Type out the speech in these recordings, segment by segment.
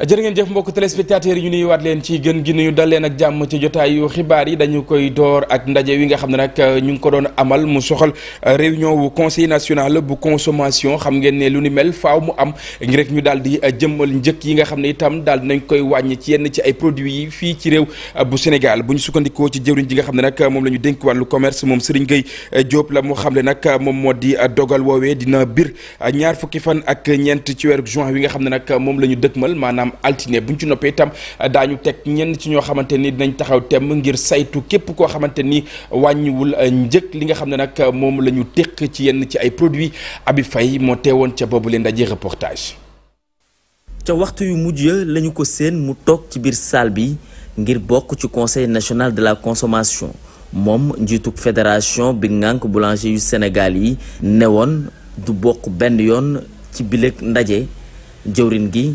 jërë ngeen jëf mbokk téléspectateurs yi ñu ni waat leen ci gën gi nuyu dal leen ak jàmm ci jotaayu xibaar yi dañu koy door ak ndaje wi nga xam ne nag euh, ñu ngi ko doon amal mu soxal euh, réunion wu conseil national bu consommation xam ngeen ne lu ni mel faaw mu am ngir rek ñu daal di euh, jëmmal njëkk yi nga xam ne itam daal dinañ koy wàññi ci yenn ci ay produits yi fii ci réew bu Sénégal bu ñu sukkandikoo ci jëwriñ ji nga xam ne nag moom la ñu dénk wàllu commerce moom Serigne Gueye Diop la mu xam ne nag moom moo di dogal woowee dina bir ñaar fukki fan ak ñeent ci weeru juin nga xam ne nag moom la ñu dëkkmal maanaam maanaam altine buñ ci noppee itam eh, daañu teg ñenn ci ño xamante dinañ taxaw tém ngir saytu képp ko xamante ni wul eh, njëg li nga xamné nak eh, mom lañu la ci yenn ci ay produits Abi fay mo téwon ci bobu le dajee reportage ci waxtu yu mujj lañu ko seen mu tok ci bir salle bi ngir bokku ci conseil national de la consommation du tuk fédération bi ngànk boulanger yu Sénégal yi néwon du bokku benn yoon ci bilek ndaje jëwrin gi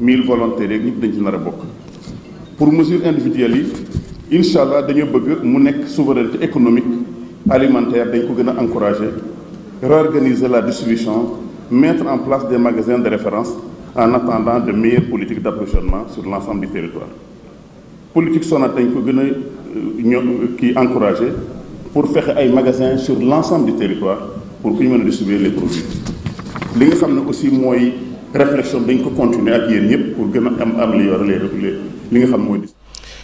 1000 volontaires dañ ci pour mesure individuelle inshallah nous bëgg souveraineté économique alimentaire dañ ko encourager réorganiser la distribution mettre en place des magasins de référence en attendant de meilleures politiques d'approvisionnement sur l'ensemble du territoire politique Sonat dañ ko gëna euh, pour faire ay magasins sur l'ensemble du territoire pour que ñu distribuer les produits li nga aussi réflexion dañ ko continuer ak yéen ñëpp pour gën a am améliorer li nga xam mooy.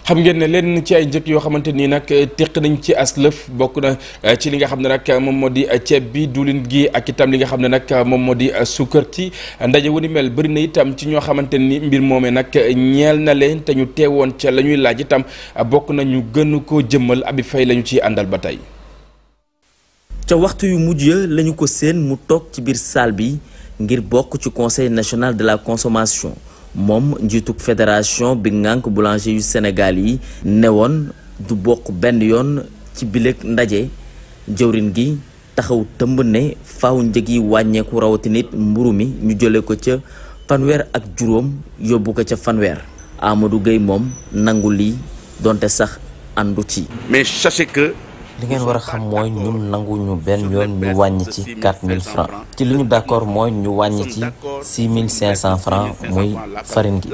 xam ngeen ne lenn ci ay njëkk yoo xamante nii nag eh, teq nañ ci aslëf bokk na eh, ci li nga xam ne nag moom moo di eh, ceeb bi diwlin gi ak itam li nga xam ne nag moom moo di sukkar ci ndaje wu ni mel bëri na itam ci ñoo xamante ni mbir moomee nag ñeel na leen te ñu teewoon ca la ñuy laaj itam bokk nañu ñu gën koo jëmmal abi fay lañu ci àndal ba tey. ca waxtu yu mujj ya lañu ko seen mu toog ci biir salle bi. ngir bokk ci conseil national de la consommation moom njiitu fédération bi ngànk boulanger yu Sénégal yi ne du bokk benn yoon ci bileeg ndaje jëwrin gi taxaw tëmb ne faw njëg yi wàññeeku rawatina nit mburu mi ñu jole ko ca fanweer ak juróom yóbbu ko ca fanweer Amadou Gueye moom nangu lii donte sax àndu ci mais sachez que li ngeen wara xam moy ñun nangu ñu ben yoon ñu wañ ci 4000 francs ci li ñu d'accord moy ñu wañ ci 6500 francs moy farine gi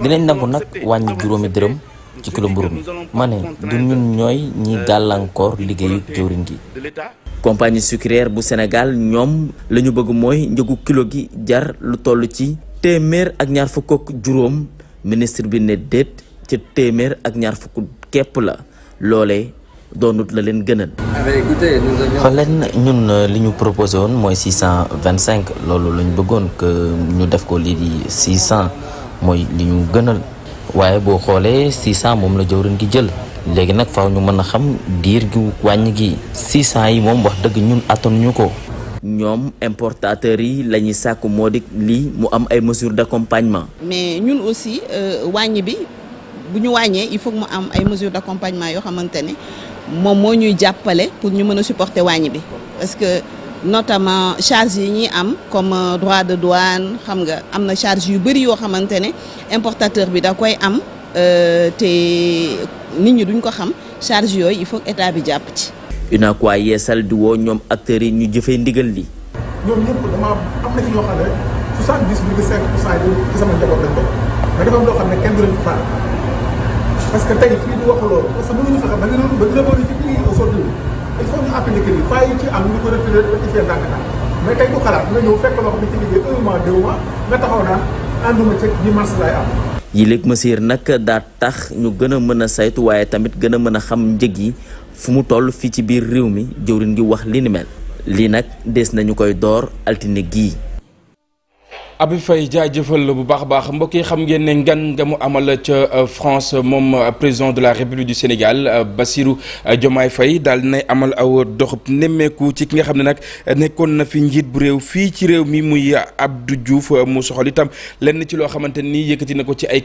dinañ nangu nak wañ juroomi deureum ci kilo mburu mané du ñun ñoy ñi galankor liggéeyu jëwriñ gi compagnie sucrière bu Sénégal ñom lañu bëgg moy ñëgu kilo gi jar lu tollu ci témèr ak ñaar fukk ak juroom ministre bi ne dette ci témèr ak ñaar fukk kep la lolé doonut la leen gënal. xool leen ñun euh, li ñu proposé woon mooy 625 loolu lañu bëggoon que ñu def ko lii di 600 mooy li ñu gënal waaye boo xoolee 600 moom la jëwriñ gi jël. léegi nag faaw ñu mën a xam diir gi wàññi gi 600 yi moom wax dëgg ñun attanuñu ko. ñoom importateurs yi la ñuy sàkk moo di lii mu am ay mesures d'accompagnement. mais ñun aussi euh, wàññi bi bu ñu wàññee il faut mu am ay mesures d'accompagnement yoo xamante ne. moom moo ñuy jàppale pour ñu mën a supporter wàññi bi parce que notamment charge yi ñuy am comme euh, droit de douane xam nga am na charge yu bëri yoo xamante ne importanteur bi da koy am euh, te nit ñi duñ ko xam charge yooyu il faut état bi jàpp ci. UNACOIS yeesal di woo ñoom acteurs yi ñu jëfee ndigal li. ñoom ñëpp dama am na ci ñoo xam ne 70 virgule 5 pour cent yi ci sama njaboot lañ bokk mais dafa am loo parce que fii di wax loolu parce que mënuñu fexe ba nga noonu ba ñu demoon ci prix aujourd'hui il faut ñu appliquer nii failles yi ci am ci seen ndànk-ndànk mais tey du xalaat fekk loo xam ne ci nga taxaw naan ànduma ci ñi marché lay am yi léeg masiir nag daa tax ñu gën a mën a saytu waaye tamit gën a mën a xam njëg yi fu mu toll fii ci biir réew mi jëwriñ gi wax li lii nag des nañu koy door altine gii Abi Faye jaajëfal bu baax a euh, France mon euh, président de la République du Sénégal euh, Bassirou Diomay Fay, Dalne ne amal aw doxub nemmeeku ci ki nga xam ne nag na fi bu ci mi Abdou Diouf mu soxal itam ci loo xamante ni ko ci ay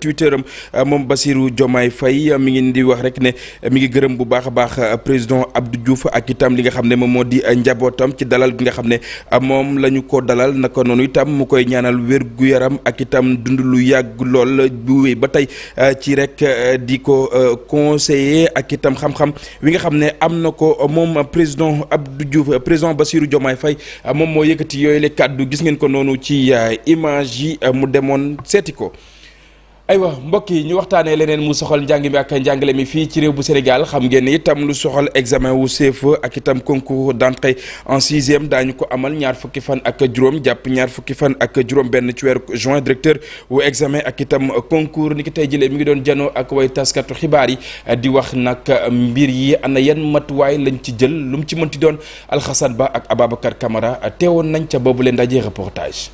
Twitter Mom Basirou Bassirou Diomaye Faye mi ngi di wax rek ne président Abdou Diouf ak itam li nga xam ne nga xam ne ah, moom la ñu ko dalal naka noonu itam mu koy ñaanal wér gu yaram ak itam dund lu yàgg lool bu wéy ba tey ah, ci rek ah, di ko conseiller ak itam xam-xam wi nga xam ne am na ko moom président ab du Diouf président Bassirou Diomaye Faye moom moo yëkkati yooyu le kàddu gis ngeen ko noonu ci image yi mu demoon seeti ko. aywa mbokk yi ñu waxtaanee leneen mu soxal njàng mi ak njàngale mi fii ci réew bu Sénégal xam ngeen itam lu soxal examen wu CFEE ak itam concours d'entrée en sixième daañu ko amal ñaar fukki fan ak juróom jàpp ñaar fukki fan ak juróom benn ci weeru juin directeur wu examen ak itam concours ni ki tey jëlee mi ngi doon janoo ak way taskatu xibaar yi di wax nag mbir yi ana yan matuwaay lañ ci jël lu mu ci mënti doon Alxasan Ba ak Ababacar Camara teewoon nañ ca boobu leen dajee reportage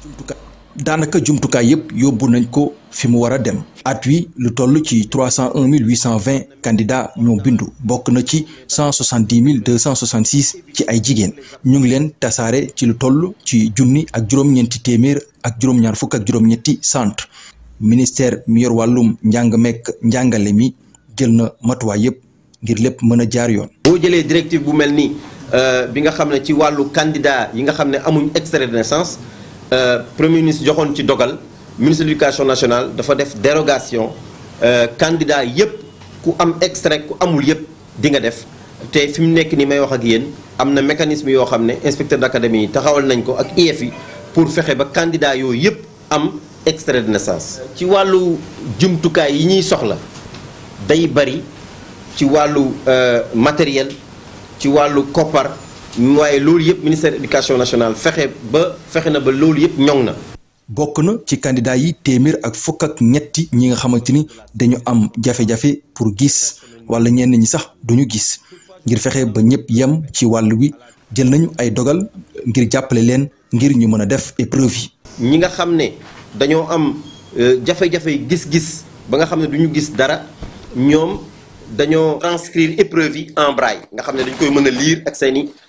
daanaka jumtukaay yëpp yóbbu nañ ko fi mu war a dem at wi lu toll ci 301 820 candidats ñoo bindu bokk na ci 170 266 ci ay jigéen ñu ngi leen tasaare ci lu toll ci junni ak juróom-ñeenti téeméer ak juróom-ñaar fukk ak juróom-ñetti centre ministère mi yor wàllum njàng mekk njàngale mi jël na matuwaay yëpp ngir lépp mën a jaar yoon. boo jëlee directive bu mel nii euh, bi nga xam ne ci wàllu candidat yi nga xam ne amuñ extrait de naissance. Euh, premier ministre joxone ci dogal ministre de l'éducation nationale dafa def dérogation euh, candidat yep, ku am extrait ku amul yep, di nga def te fim nek ni may wax ak yeen am na mécanisme yo xamné inspecteur d'académie taxawal nañ ko ak IFI e pour fexé ba candidat yo yep am extrait de naissance. ci walu jumtukaay yi ñi soxla day bari ci euh, matériel ci walu copar waaye loolu yëpp ministère éducation nationale fexe ba fexe na ba loolu yëpp ñoŋ na. bokk na ci candidat yi téeméer ak fokk ak ñetti ñi nga xamante ni dañu am jafe-jafe pour gis wala ñenn ñi sax duñu gis ngir fexe ba ñëpp yem ci wàll wi jël nañu ay dogal ngir jàppale leen ngir ñu mën a def épreuve yi. ñi nga xam ne dañoo am euh, jafe gis-gis ba nga xam ne duñu gis dara ñoom dañoo transcrire épreuve yi en nga xam ne dañ koy mën a lire ak seeni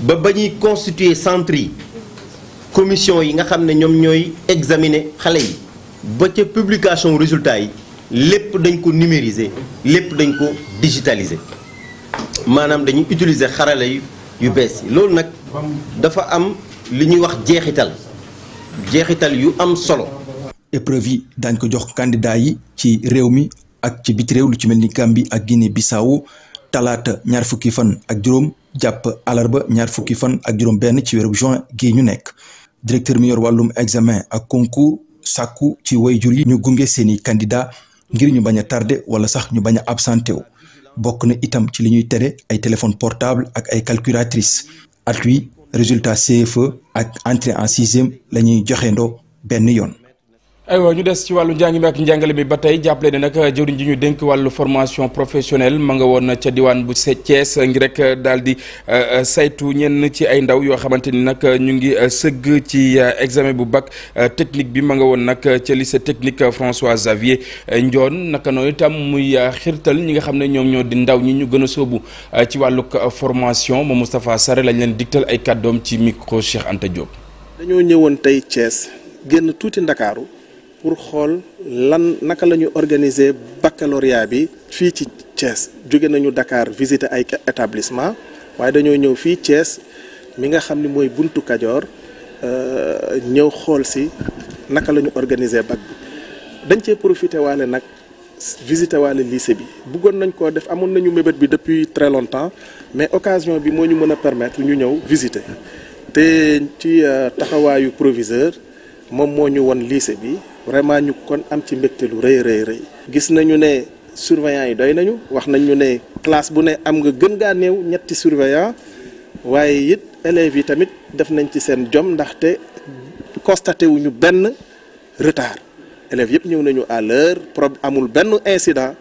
ba ba constituer centre commission yi nga xamné ñom ñoy examiner xalé yi ba ci publication résultat yi lepp dañ ko numériser lepp dañ ko digitaliser manam dañuy utiliser xarala yu yu yi dafa am li ñuy wax jeexital jeexital yu am solo. épreuve yi dañ ko jox candidat yi ci réew mi ak ci bit réew lu ci melni Gambie ak Guinée Bissau talaata ñaar fukki fan ak juróom jàpp alarba ñaar fukki fan ak juróom benn ci weeru juin gii ñu nekk directeur mi yor wàllum examen ak concours sàkku ci wayjur yi ñu gunge seeni candidat ngir ñu bañ a tardé wala sax ñu bañ a absenté wu bokk na itam ci li ñuy tere ay téléphone portable ak ay calculatrice at wi résultat CFE ak entrée en sixième la ñuy joxeendoo benn yoon aywa ñu des ci wàllu njàng mi ak njàngale mi ba tey jàppale ne nag jëwriñ ji ñu dénk wàllu formation professionnelle ma nga woon ca diwaan bu Thiès ngi rek daal di euh, euh, saytu ñenn ci ay ndaw yoo xamante ni nag ñu ngi euh, sëgg ci examen bu bac technique bi ma nga woon nag ca lycée technique François Xavier Ndione naka noonu itam muy xirtal ñi nga xam ne ñoom ñoo di ndaw ñi ñu gën a sóobu ci wàllu formation moom Moustapha Sarré lañ leen digtal ay kàddoom ci micro Cheikh Anta Diop. dañoo ñëwoon tey Thiès génn tuuti Ndakaaru. pour xol lan naka lañu organiser baccalauréat bi fi ci Thiès jóge nañu Dakar visiter ay établissement waye dañoo ñëw fi Thiès mi nga xamni moy buntu kadior euh ñëw xol ci naka lañu organiser bac dañ ci profiter waale nak visiter waale lycée bi bëggoon nañ ko def amon nañu mébét bi depuis très longtemps mais occasion bi mo ñu mëna permettre ñu ñëw visiter té ci euh, taxawayu proviseur moom moo ñu won lycée bi vraiment ñu kon am ci mbégte lu rëy rëy rëy gis nañu ne surveillant yi doy nañu wax nañ ñu ne classe bu ne am nga gën gaa néew ñetti surveillant waaye it élèves yi tamit def nañ ci seen jom ndaxte constaté wuñu benn retard élèves yëpp ñëw nañu à l'heure pro amul benn incident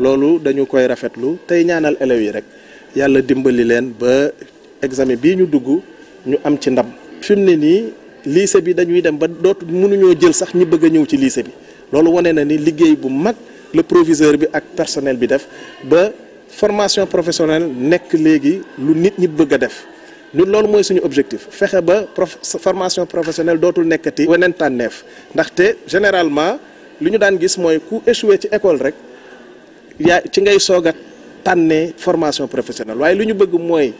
loolu dañu koy rafetlu tey ñaanal élèves yi rek yàlla dimbali leen ba examen bii ñu dugg ñu am ci ndam fi mu nii lycée bi dañuy dem ba dootu mënuñoo jël sax ñi bëgg a ñëw ci lycée bi loolu wane na ni liggéey bu mag le proviseur bi ak personnel bi def ba formation professionnelle nekk léegi lu nit ñi bëgg a def ñun loolu mooy suñu objectif fexe ba formation professionnelle dootul nekkati weneen tànneef ndaxte généralement lu ñu daan gis mooy ku échoué ci école rek yaa ci ngay soog a tànnee formation professionnelle waaye lu ñu bëgg mooy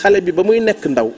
xale bi ba muy nekk ndaw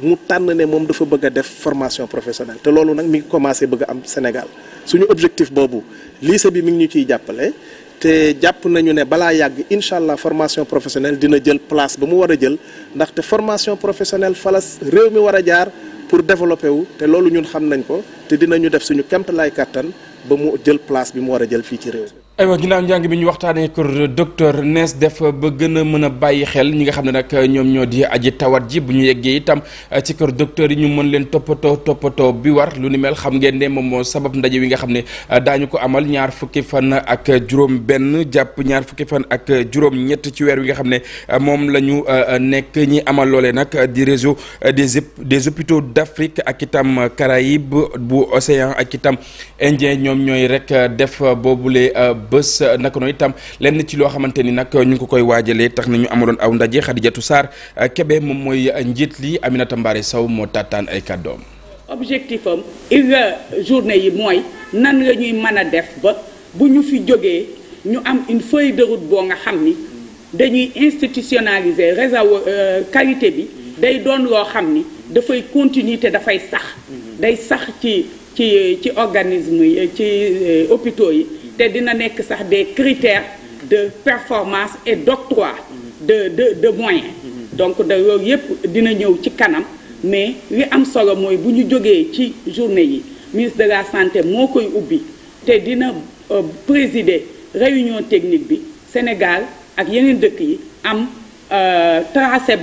mu tànn ne moom dafa bëgg a def formation professionnelle te loolu nag mu ngi commencé bëgg am Sénégal suñu objectif boobu lycée bi mi ngi ñu ciy jàppale te jàpp nañu ne balaa yàgg incha allah formation professionnelle dina jël place ba mu war a jël ndaxte formation professionnelle falas réew mi war a jaar pour développer wu te loolu ñun xam nañ ko te dinañu def suñu kemt lay kàttan ba mu jël place bi mu war a jël fii ci réew aywa ginnaaw njàng bi ñu waxtaanee kër docteur nees def ba gën a mën a bàyyi xel ñi nga xam ne nag ñoom ñoo di aji tawat ji bu ñu yeggee itam ci kër docteur yi ñu mën leen toppatoo toppatoo bi war lu ni mel xam ngeen ne moom moo sabab ndaje wi nga xam ne ah, daañu ko amal ñaar fukki fan ak juróom-benn jàpp ñaar fukki fan ak juróom ci weer wi nga xam ne ah, moom la ñu ah, nekk ñi amal nag di réseau des des hôpitaux d'Afrique ak itam Caraïbes bu océan ak itam Indien ñoom ñooy rek def boobule. bés euh, naka noonu itam lenn ci lo xamanteni nak ñu ngi ko koy waajalee tax nañu ñu aw ndaje Khadijatou Sarr euh, kebe mom moy euh, njit li Aminata Mbaare saw mo taataan ay kaddom objectif am journée yi moy nan la ñuy mëna def ba bu ñu fi joggé ñu am une feuille de route bo nga xamni dañuy institutionnaliser réseau qualité bi day doon lo xamni da fay continuité da fay sax. Mm-hmm. day sax ci ci ci organisme ci hôpitaux yi te dina des critères de performance et d'octroi de de moyens donc da dina ci kanam mais li am solo ci journée ministre de la santé ubbi euh, réunion technique bi Sénégal ak yeneen dëkk yi am euh, tracé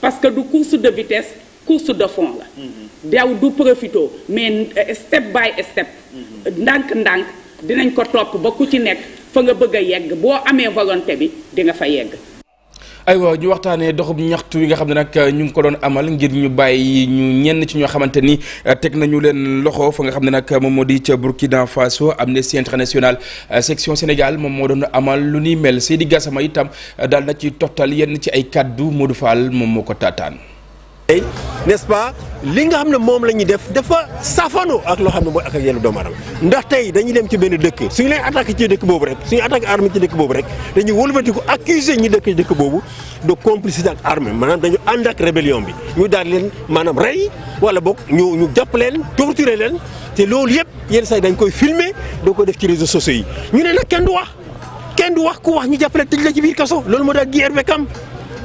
parce que du course de vitesse course de fond la. Mm-hmm. daw du profito mais euh, step by step. Mm-hmm. ndànk-ndànk dinañ ko topp ba ku ci nekk fa nga bëgg a yegg boo amee volonté bi di nga fa yegg. aywa ñu waxtaanee doxub ñaxtu yi nga xam ne nag euh, ñu ngi ko doon amal ngir ñu bàyyi ñu ñenn ci ñoo xamante ni euh, teg nañu leen loxo fa nga xam ne nag moom moo di ca Burkina Faso Amnesty International section Sénégal moom moo doon amal lu ni mel Seydi Gassama itam dal na ci tottal yenn ci ay kàddu Modou Fall moom moo ko taataan. n'est-ce pas li nga xam ne moom la ñuy def dafa safano ak loo xam ne mooy ak ak yellu doomu aadama ndax tey dañuy dem ci benn dëkk suñu leen attaqué ci dëkk boobu rek suñu attaqué armée ci dëkk boobu rek dañuy wëlbatiku accusé ñi dëkk ci dëkk boobu de complicité ak armée maanaam dañu ànd ak rébellion bi ñu daal leen maanaam rey wala boog ñu ñu jàpp leen torturer leen te loolu yëpp yenn saa dañ koy filmer doo ko def ci réseaux sociaux yi ñu ne nag kenn du wax kenn du wax ku wax ñu jàppale tëj la loolu moo daal GRV Camp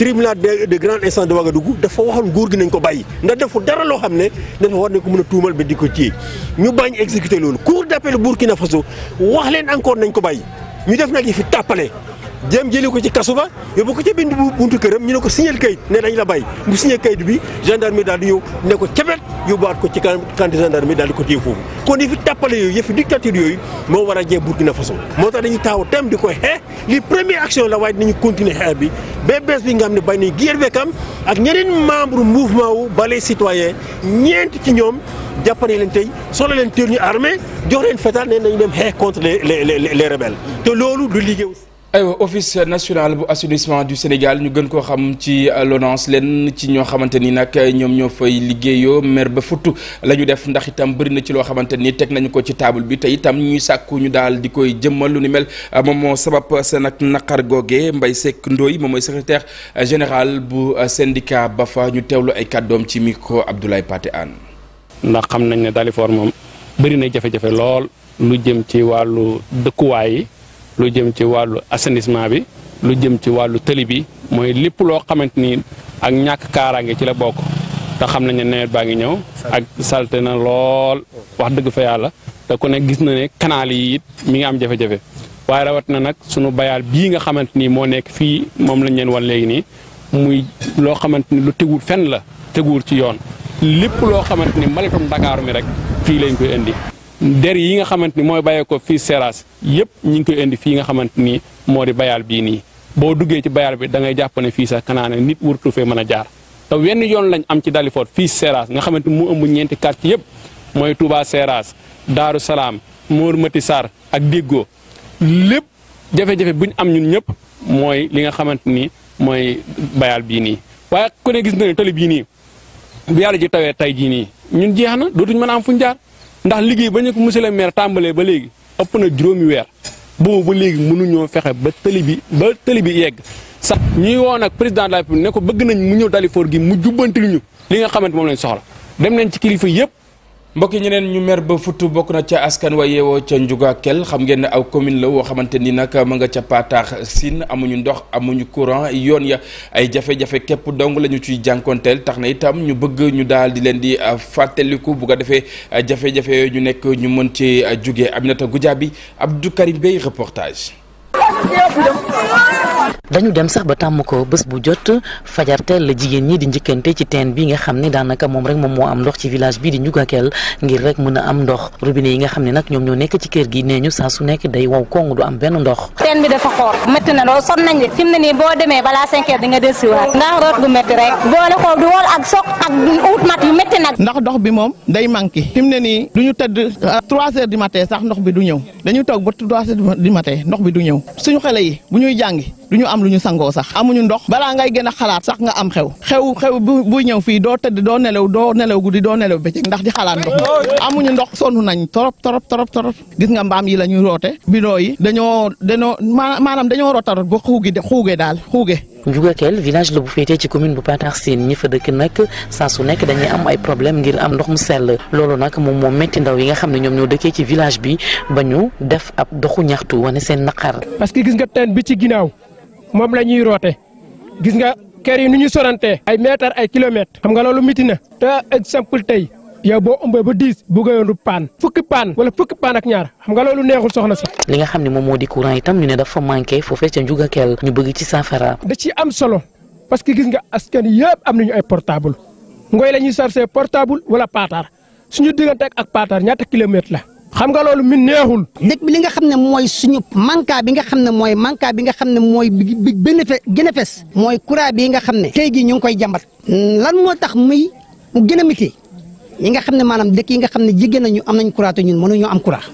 tribunal de grande instance de Ouagadougou dafa waxoon nguur gi nañ ko bàyyi ndax defu dara loo xam ne dafa war nañ ko mën a tuumal ba di ko téye ñu bañ exécuté loolu cour d'appel Burkina Faso wax leen encore nañ ko bàyyi ñu def nag yi fi tàppale jéem jëli ko ci kasu ba yóbbu ko ca bind bu buntu këram ñu ne ko signal kayit ne dañ la bàyyi mu signé kayit bi gendarme daal di ne ko cebet yóbbuwaat ko ci kanti gendarme daal ko téye foofu kon yëfi tàppale yooyu yëfi dictature yooyu moo war a jeex Burkina Faso moo tax dañuy taxaw tem di koy xeex li première action la waaye dinañu continuer xeex bi ba bees bi nga xam ne bay nañ Guy Hervé Kame ak ñeneen membre mouvement wu Balai Citoyen ñeent ci ñoom jàppane leen tey solo leen téer ñu armée leen fetal ne nañu dem xeex contre les les les rebelles te loolu du liggéeyu aywa office nationale bu assainissement du Sénégal ñu gën koo xam ci euh, l'ONAS leen ci ñoo xamante ni nag euh, ñoom ñoo fay liggéeyoo mer ba futtu la ñu def ndax itam bëri na ci loo xamante ni teg nañu ko ci table bi te itam ñuy sàkku ñu daal di koy jëmmal lu ni mel euh, moom moo sabab seen ak naqar googe Mbaye Seck Ndoye moom mooy secrétaire général bu ba fa ñu teewlu ay kàddoom ci micro Abdoulaye Pathé Anne ndax xam nañ ne Dalifort moom bëri na jafe-jafe lool lu jëm ci wàllu dëkkuwaay yi. lu jëm ci wàllu assainissement bi lu jëm ci wàllu tëli bi mooy lépp loo xamante ni ak ñàkk kaaraange ci la bokk te xam nañ ne nawet baa ngi ñëw ak salte na lool wax dëgg fa yàlla te kon ne gis na ne canal yi it mi ngi am jafe-jafe waaye rawat na nag sunu bayaal bii nga xamante ni moo nekk fii moom lañ leen wan léegi nii muy loo xamante ni lu teguwul fenn la teguwul ci yoon lépp loo xamante ni mbalitum Ndakaaru mi rek fii lañ koy indi der yi nga xamanteni ni mooy ko seras yep ñi ngi koy indi fi nga xamanteni ni bayal di ni bo duggé ci bayal bi da ngay japp ne fi sa kanaa ne nit wurtu fe mëna jaar ta wenn yoon lañ am ci dalifort fi seras nga xamanteni ni mu ëmb ñenti quartier yep moy Touba seras daru salam mour matissar ak diggo lepp jafe-jafe buñ am ñun ñep moy li nga xamanteni ni bayal bi ni waye ku ne gis na tali bii ni bu yalla ji tawé tay ji ni ñun jeexna dootuñ mëna am fuñ jaar ndax liggéey ba ñu ko monsieur le maire tàmbalee ba léegi ëpp na juróomi weer boobu ba léegi mënuñoo fexe ba tëli bi ba tëli bi yegg sax ñuy woo nag président de la République ne ko bëgg nañ mu ñëw Dalifort gi mu jubbantil ñu li nga xamante moom lañ soxla dem nañ ci kilifa yëpp mbokki ñeneen ñu mer ba futt bokk na ca askan wa yeewoo ca Ndiougakel xam ngeen ne aw commune la woo xamante ni nag ma nga ca pataax siin amuñu ndox amuñu courant yoon ya ay jafe-jafe képp dong la ñu ciy jànkonteel tax na itam ñu bëgg ñu daal di leen di ah, fàttaliku bu defee ah, jafe-jafe ñu nekk ñu mën ci ah, jugee Aminata Goudiaby Abdou Karim Bey reportage dañu dem sax ba tàmm ko bés bu jot fajarteel la jigéen ñi di njëkkante ci teen bi nga xam ne daanaka moom rek moom moo am ndox ci village bi di kel ngir rek mën a am ndox robinet yi nga xam ne nag ñoom ñoo nekk ci kër gi nee ñu saa su nekk day wow kong du am benn ndox. teen bi dafa xoor métti na lool sonn nañ boo demee balaa cinq heures nga dellusiwaat ndax root gu métti rek boole xool du wol ak soq ak ut mat yu métti nag. ndax ndox bi moom day manqué fi mu ne nii du ñu tëdd euh, trois heures du matin sax ndox bi du ñëw dañu toog ba trois heures ndox bi du ñëw suñu xale yi bu ñuy jàngi du ñu am lu ñu sangoo sax amuñu ndox balaa ngay gën a xalaat sax nga am xew xew xew bu buy ñëw fii doo tëdd doo nelaw doo nelaw guddi doo nelaw bëccëg ndax xalaat ndox amuñu ndox sonn nañ torop torop torop torop gis nga mbaam yi la ñuy roote bidon yi dañoo dañoo maanaam dañoo rootarot ba xuugi xuuge daal xuuge Ndiougakel village la bu feetee ci commune bu Patar Sine ñi fa dëkk nag saa su nekk dañuy am ay problème ngir am ndox mu sell loolu nag moom moom métti ndaw yi nga xam ne ñoom ñoo dëkkee ci village bi ba ñu def ab doxu ñaxtu wane seen naqar parce que gis nga teen bi ci ginnaaw mom la ñuy roote gis nga kër yi ñu sorante ay mètre ay kilomètre xam nga lolu mitina na exemple tay yow bo umbe ba 10 bu du pan fukki pan wala fukki pan ak ñaar xam nga lolu neexul soxna ci li nga xamni mom modi di courant itam ñu ne dafa manqué ci juga kel ñu bëgg ci safara da ci am solo parce que gis nga askan yépp am nañu ay portable ngoy la ñuy portable wala patar suñu digënté ak patar ñaata kilomètre la xam nga loolu mi neexul. dëkk bi li nga xam ne mooy suñu manka bi nga xam ne mooy manka bi nga xam ne mooy benn fe gën a fes mooy courant bi nga xam ne. tey gi ñu ngi koy jambat lan moo tax muy mu gën a yi nga xam ne maanaam dëkk yi nga xam ne jigéen nañu am nañ courant te ñun mënuñoo am courant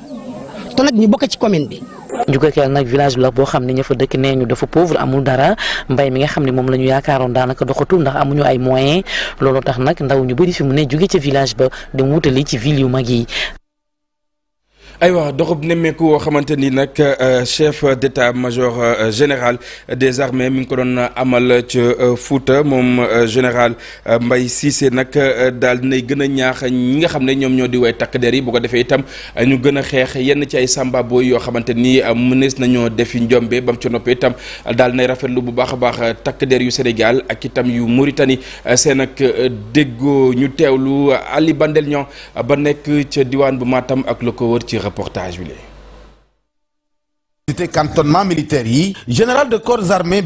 te nag ñu bokk ci commune bi. Dioguakel nag village la boo xam ne ña fa dëkk nee ñu dafa pauvre amul dara mbay mi nga xam ne moom la ñu yaakaaroon daanaka doxatul ndax amuñu ay moyen looloo tax nag ndaw ñu bëri fi mu ne jóge ca village ba dem wutali ci ville yu mag yi aywa doxub nemmeeku euh, chef d'état-major euh, général des armées mi amal ca euh, Fouta mon général Mbaye Cissé Nak Dal dinay gën a ñaax ñi nga xam ne ñoo di way yi bu ko samba Boy, yoo Munes Nanyo, mënees Bamchonopetam, defi njombe ci itam nay rafetlu bu Sénégal ak yu Mauritanie seen Dego, Nutelu, Ali Bandelion, ñoo ba Bumatam ca reportage le cantonnement militaire général de corps d'armée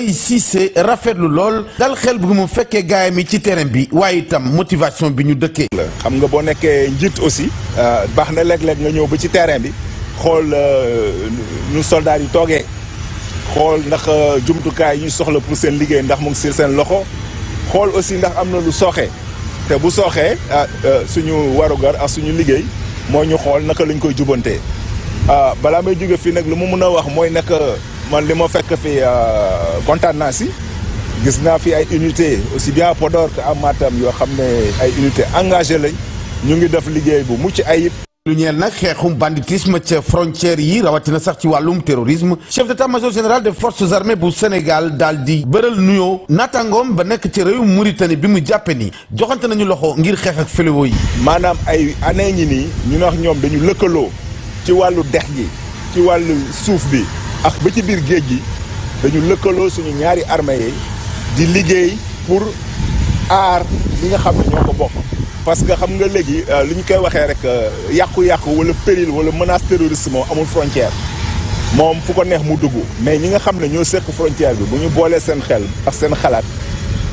ici c'est Cissé dal xel bu que terrain bi a aussi motivation bi ñu xam nga aussi euh, les nga ñëw terrain bi euh, soldats yi un ndax euh, ñu les pour ndax ngi loxo aussi ndax lu bu ah, warugar moo ñu xool naka lañ koy jubantee ah, balaa may jóge fii nag lu ma mun a wax mooy nag man li ma fekk fi ah, kontaan naa si gis naa fi ay unité aussi bien à Podor que à Matam yoo xam ne ay unité engagé lañ ñu ngi def liggéey bu mucc ayib lu ñeel nag xeexum banditisme ca frontière yi rawatina sax ci wàllum terrorisme chef d'état-major général des forces armées bu Sénégal daal di bëral nuyoo naataangoom ba nekk ci réew Mauritanie bi mu jàppee ni joxante nañu loxo ngir xeex ak fléau yi maanaam ay année ñi nii ñu wax ñoom dañu lëkkaloo ci wàllu dex gi ci wàllu suuf bi ak ba ci biir géej gi dañu lëkkaloo suñu ñaari armée yi di liggéey pour aar ñi nga xam ne ñoo ko bokk parce que xam nga léegi euh, li ñu koy waxee rek euh, yàqu-yàqu wala péril wala menace terroriste moom amul frontière moom fu ko neex mu dugg mais ñi nga xam ne ñoo seq frontière bi bu ñu boolee seen xel ak seen xalaat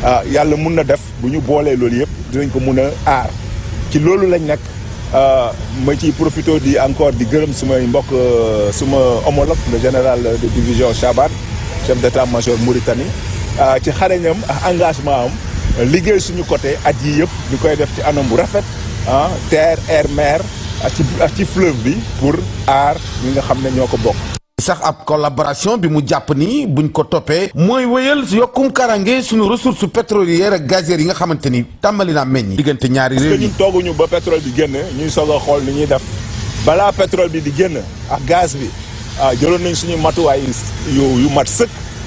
euh, yàlla mun na def bu ñu boolee loolu yëpp dinañ ko mun a aar ci loolu lañ nag ma ci profité di encore di gërëm sumay mbokk suma homologue le général de division Chaban chef d'état-major Mauritanie ci xarañam ak engagement am liggéey suñu côté at yi yëpp ñu koy def ci anam bu rafet ah terre air mer ak ci ci fleuve bi pour aar ñi nga xam ne ñoo ko bokk. sax ab collaboration bi mu jàpp ni buñ ko toppee mooy wéyal yokkum karange suñu ressource pétrolière ak gazière yi nga xamante ni tàmbali naa meññ. diggante ñaari réew ñu ñun ba pétrole bi génn ñuy soog a xool ni ñuy def balaa pétrole bi di génn ak gaz bi ah jëloon nañ suñu matuwaay yu yu mat sëkk.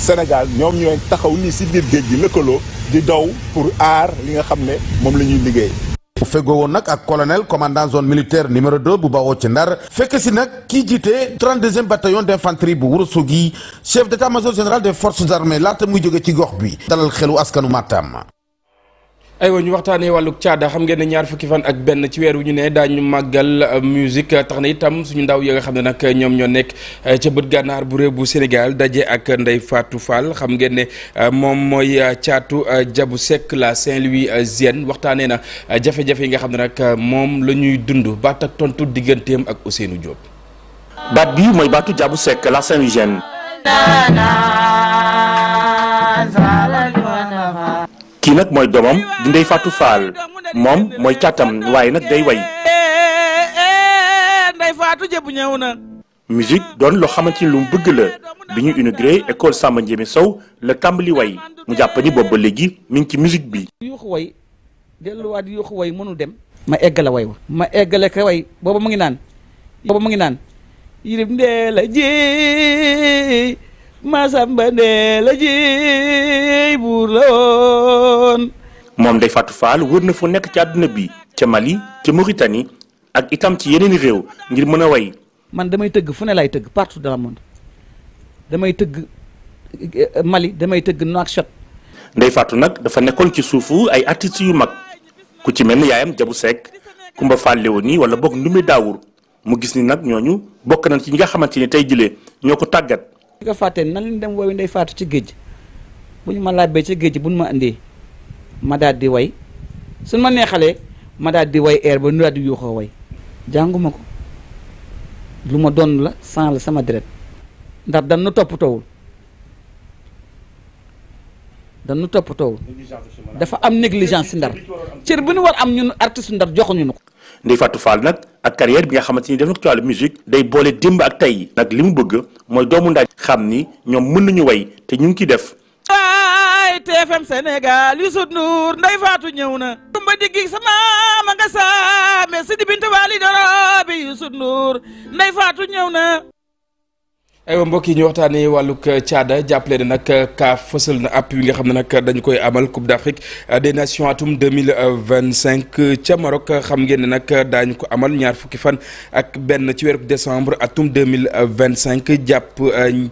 Sénégal ñoom ñooy taxaw nii si biir géej gi lëkkaloo di dow pour aar li nga xam ne moom la ñuy liggéey. bu feggoo woon nag ak colonel commandant zone militaire numéro 2 bu bawoo ci ndar fekk si nag kii jiite 32e bataillon d' infanterie bu Ourossogui chef d' état major général des forces armées laata muy jóge ci gox bi dalal xelu askanu Matam. ay aywa ñu waxtaanee wàlluk caada xam ngeen ne ñaar fukki fan ak benn ci weer wu ñu ne daañu màggal euh, musique tax na itam suñu ndaw yi nga xam ne nag ñoom ñoo nekk euh, ca bët gànnaar bu réew bu Sénégal daje ak Ndeye faatu Fall xam ngeen ne euh, moom mooy caatu jabu sekk la Saint-Louisienne waxtaanee na jafe-jafe yi nga xam ne nag moom la ñuy dund baat ak tontu digganteem ak Ousseynou Diop. baat bii mooy baatu jabu sekk la saint kii nag mooy doomam di Ndeye Fatou Fall moom mooy càttam waaye nag day way Ndeye Fatou bu ñaw na musique doon loo xamante ni lu mu bëgg la bi ñu inauguré école Samba Ndiémé Sow la tàmbali way mu jàpp ni boobu ba léegi mi ngi ci musique bi yuuxu way delluwaat yuuxu way mënu dem ma eggale way ma eggale ko way booba mu ngi naan booba mu ngi naan yërëm dee la ji Masamba ne la ji buur la woon. moom Ndeye Fatou Fall wër na fu nekk ci àdduna bi ca Mali ca Mauritanie ak itam ci yeneen réew ngir mën a way. man damay tëgg fu ne laay tëgg partout dans le damay tëgg eh, Mali damay tëgg Nouakchott. Ndeye Fatou nag dafa nekkoon ci suufu ay artistes yu mag ku ci mel ni yaayam Jabu Seck Kumba Fall Léoni wala boog Ndoumbé Daour mu gis ni nag ñooñu bokk nañ ci ñi nga xamante ni tey jile ñoo ko tàggat. li nga fàtte na leen dem woy ndey faatu ci géej bu ñu ma làbbee ci géej bu ñu ma indee ma daal di way suñ ma neexalee ma daal di way air ba nu daal di yuuxoo way jànguma ko lu ma doon la sang la sama deret ndax dan nu toppatoowul dan nu dafa am négligence si ndar cër bu ñu war am ñun artiste ndar joxuñu nu ko Ndeye Fatou Fall nag ak carrière bi nga xamante ni def na ko ci wàllu musique day boole démb ak tey nag li mu bëgg mooy doomu ndaaj xam ni ñoom mën nañu way te ñu ngi ciy def waay TFM Sénégal Youssou Ndour Ndeye Fatou ñëw na ba diggi sama ma nga saame si di bint waali doro bi Youssou Ndour Ndeye Fatou ñëw na aywa mbokk yi ñu waxtaanee wàllug euh, caada jàppale ne nag euh, kaa fësal na app yi nga xam ne nag koy amal coupe d'Afrique euh, des nations atum 2025 ca Maroc xam ngeen ne nag daañu ko amal ñaar fukki fan ak ben ci weeru décembre atum 2025 J'app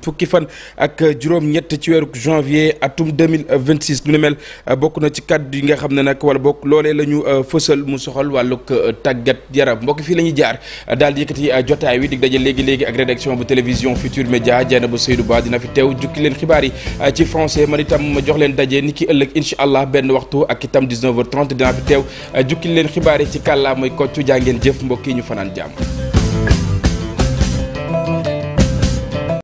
fukki fan ak juróom-ñett ci weeru janvier atum 2026 lu ne mel bokk na ci kàddu yi nga xam ne nag wala bokk loolee la ñu fësal mu soxal wàllug tàggat yaram mbokk fii la jaar daal di yëkkati jotaay wi dig daje léegi léegi ak rédaction bu télévision Futurs Médias Dieynaba Seydou Ba dina fi teew jukki leen xibaar yi euh, ci français man itam ma jox leen daje ni ki ëllëg incha allah benn waxtu ak itam 19h30 dina fi teew euh, jukki leen xibaar yi ci kàllaamay kocc jaa ngeen jëf mbokk yi ñu fanaan jàmm